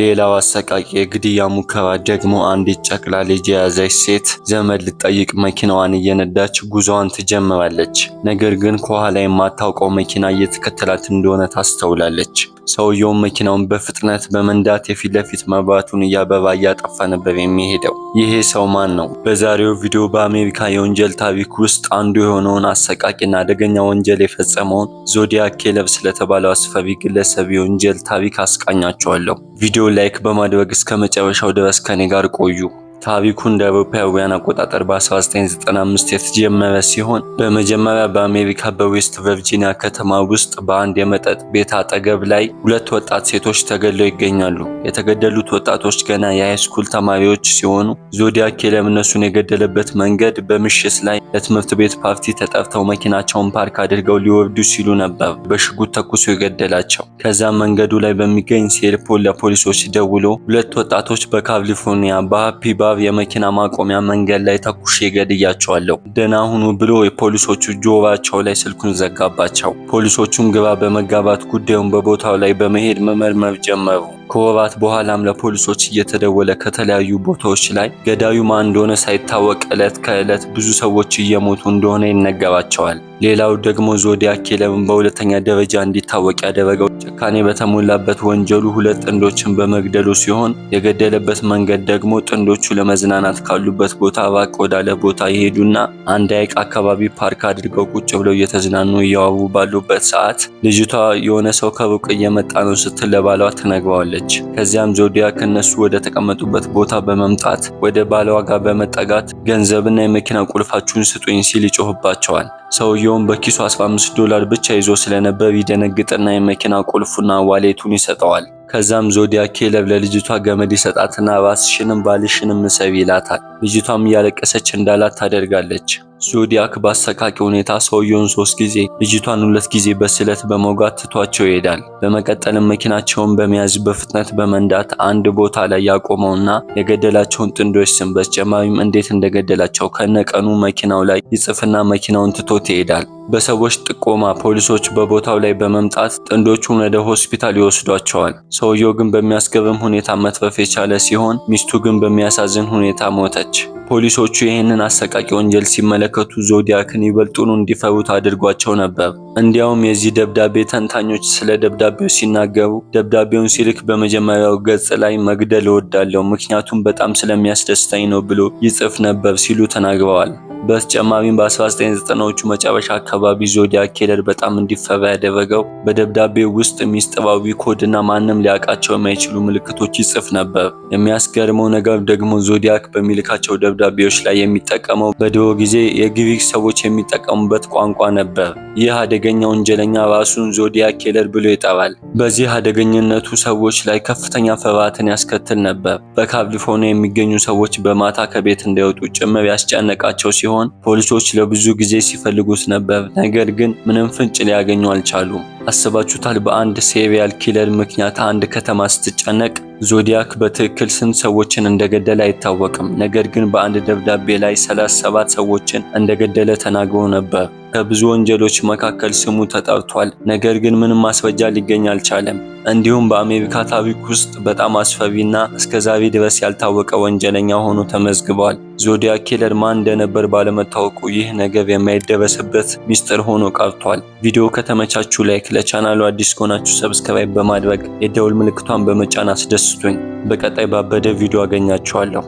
ሌላው አሰቃቂ የግድያ ሙከራ ደግሞ አንዲት ጨቅላ ልጅ የያዘች ሴት ዘመድ ልትጠይቅ መኪናዋን እየነዳች ጉዞዋን ትጀምራለች። ነገር ግን ከኋላ የማታውቀው መኪና እየተከተላት እንደሆነ ታስተውላለች። ሰውየውም መኪናውን በፍጥነት በመንዳት የፊት ለፊት መብራቱን እያበባ እያጠፋ ነበር የሚሄደው። ይሄ ሰው ማን ነው? በዛሬው ቪዲዮ በአሜሪካ የወንጀል ታሪክ ውስጥ አንዱ የሆነውን አሰቃቂና አደገኛ ወንጀል የፈጸመውን ዞዲያክ ኬለብ ስለተባለው አስፈሪ ግለሰብ የወንጀል ታሪክ አስቃኛቸዋለሁ። ቪዲዮ ላይክ በማድረግ እስከ መጨረሻው ድረስ ከኔ ጋር ቆዩ። ታሪኩ እንደ አውሮፓውያን አቆጣጠር በ1995 የተጀመረ ሲሆን በመጀመሪያ በአሜሪካ በዌስት ቨርጂኒያ ከተማ ውስጥ በአንድ የመጠጥ ቤት አጠገብ ላይ ሁለት ወጣት ሴቶች ተገድለው ይገኛሉ። የተገደሉት ወጣቶች ገና የሃይስኩል ተማሪዎች ሲሆኑ ዞዲያክ የለምነሱን የገደለበት መንገድ በምሽት ላይ ለትምህርት ቤት ፓርቲ ተጠርተው መኪናቸውን ፓርክ አድርገው ሊወርዱ ሲሉ ነበር በሽጉጥ ተኩሶ የገደላቸው። ከዛም መንገዱ ላይ በሚገኝ ሴልፖል ለፖሊሶች ደውሎ ሁለት ወጣቶች በካሊፎርኒያ በሃፒ አልሸባብ የመኪና ማቆሚያ መንገድ ላይ ተኩሼ ገድያቸዋለሁ፣ ደህና ሁኑ ብሎ የፖሊሶቹ ጆባቸው ላይ ስልኩን ዘጋባቸው። ፖሊሶቹም ግባ በመጋባት ጉዳዩን በቦታው ላይ በመሄድ መመርመር ጀመሩ። ከወባት በኋላም ለፖሊሶች እየተደወለ ከተለያዩ ቦታዎች ላይ ገዳዩ ማን እንደሆነ ሳይታወቅ ዕለት ከዕለት ብዙ ሰዎች እየሞቱ እንደሆነ ይነገባቸዋል። ሌላው ደግሞ ዞዲያክ ኪለርን በሁለተኛ ደረጃ እንዲታወቅ ያደረገው ጭካኔ በተሞላበት ወንጀሉ ሁለት ጥንዶችን በመግደሉ ሲሆን የገደለበት መንገድ ደግሞ ጥንዶቹ ለመዝናናት ካሉበት ቦታ ራቅ ወዳለ ቦታ የሄዱና አንድ ሐይቅ አካባቢ ፓርክ አድርገው ቁጭ ብለው እየተዝናኑ እያዋቡ ባሉበት ሰዓት ልጅቷ የሆነ ሰው ከሩቅ እየመጣ ነው ስትል ለባሏ ትነግረዋለች። ነበረች። ከዚያም ዞዲያ ከነሱ ወደ ተቀመጡበት ቦታ በመምጣት ወደ ባለዋጋ በመጠጋት ገንዘብና የመኪና ቁልፋችሁን ስጡኝ ሲል ይጮህባቸዋል። ሰውየውም በኪሱ 15 ዶላር ብቻ ይዞ ስለነበር ይደነግጥና የመኪና ቁልፉና ዋሌቱን ይሰጠዋል። ከዛም ዞዲያ ኬለብ ለልጅቷ ገመድ ይሰጣትና ራስሽንም ባልሽንም ምሰብ ይላታል። ልጅቷም እያለቀሰች እንዳላት ታደርጋለች። ዞዲያክ በአሰቃቂ ሁኔታ ሰውየውን ሶስት ጊዜ ልጅቷን ሁለት ጊዜ በስለት በመውጋት ትቷቸው ይሄዳል። በመቀጠልም መኪናቸውን በመያዝ በፍጥነት በመንዳት አንድ ቦታ ላይ ያቆመውና የገደላቸውን ጥንዶች ስም በተጨማሪም እንዴት እንደገደላቸው ከነቀኑ መኪናው ላይ ይጽፍና መኪናውን ትቶት ይሄዳል። በሰዎች ጥቆማ ፖሊሶች በቦታው ላይ በመምጣት ጥንዶቹን ወደ ሆስፒታል ይወስዷቸዋል። ሰውየው ግን በሚያስገርም ሁኔታ መትረፍ የቻለ ሲሆን፣ ሚስቱ ግን በሚያሳዝን ሁኔታ ሞተች። ፖሊሶቹ ይህንን አሰቃቂ ወንጀል ሲመለከቱ ዞዲያክን ይበልጡኑ እንዲፈሩት አድርጓቸው ነበር። እንዲያውም የዚህ ደብዳቤ ተንታኞች ስለ ደብዳቤው ሲናገሩ ደብዳቤውን ሲልክ በመጀመሪያው ገጽ ላይ መግደል እወዳለሁ፣ ምክንያቱም በጣም ስለሚያስደስተኝ ነው ብሎ ይጽፍ ነበር ሲሉ ተናግረዋል። በተጨማሪም በ1990ዎቹ መጨረሻ አካባቢ ዞዲያክ ኬለር በጣም እንዲፈራ ያደረገው በደብዳቤ ውስጥ ሚስጥራዊ ኮድና ማንም ሊያውቃቸው የማይችሉ ምልክቶች ይጽፍ ነበር። የሚያስገርመው ነገር ደግሞ ዞዲያክ በሚልካቸው ደብዳቤዎች ላይ የሚጠቀመው በድሮ ጊዜ የግሪክ ሰዎች የሚጠቀሙበት ቋንቋ ነበር። ይህ አደገኛ ወንጀለኛ ራሱን ዞዲያክ ኬለር ብሎ ይጠራል። በዚህ አደገኝነቱ ሰዎች ላይ ከፍተኛ ፍርሃትን ያስከትል ነበር። በካሊፎርኒያ የሚገኙ ሰዎች በማታ ከቤት እንዳይወጡ ጭምር ያስጨነቃቸው ሲሆን ሲሆን ፖሊሶች ለብዙ ጊዜ ሲፈልጉት ነበር፣ ነገር ግን ምንም ፍንጭ ሊያገኙ አልቻሉም። አስባችሁታል? በአንድ ሴሪያል ኪለር ምክንያት አንድ ከተማ ስትጨነቅ። ዞዲያክ በትክክል ስንት ሰዎችን እንደገደለ አይታወቅም፣ ነገር ግን በአንድ ደብዳቤ ላይ 37 ሰዎችን እንደገደለ ተናግሮ ነበር። ከብዙ ወንጀሎች መካከል ስሙ ተጠርቷል፣ ነገር ግን ምንም ማስረጃ ሊገኝ አልቻለም። እንዲሁም በአሜሪካ ታሪክ ውስጥ በጣም አስፈሪና እስከዛሬ ድረስ ያልታወቀ ወንጀለኛ ሆኖ ተመዝግቧል። ዞዲያ ኪለር ማን እንደነበር ባለመታወቁ ይህ ነገር የማይደረስበት ሚስጥር ሆኖ ቀርቷል። ቪዲዮ ከተመቻችሁ ላይክ፣ ለቻናሉ አዲስ ከሆናችሁ ሰብስክራይብ በማድረግ የደውል ምልክቷን በመጫን አስደስቱኝ። በቀጣይ ባበደ ቪዲዮ አገኛችኋለሁ።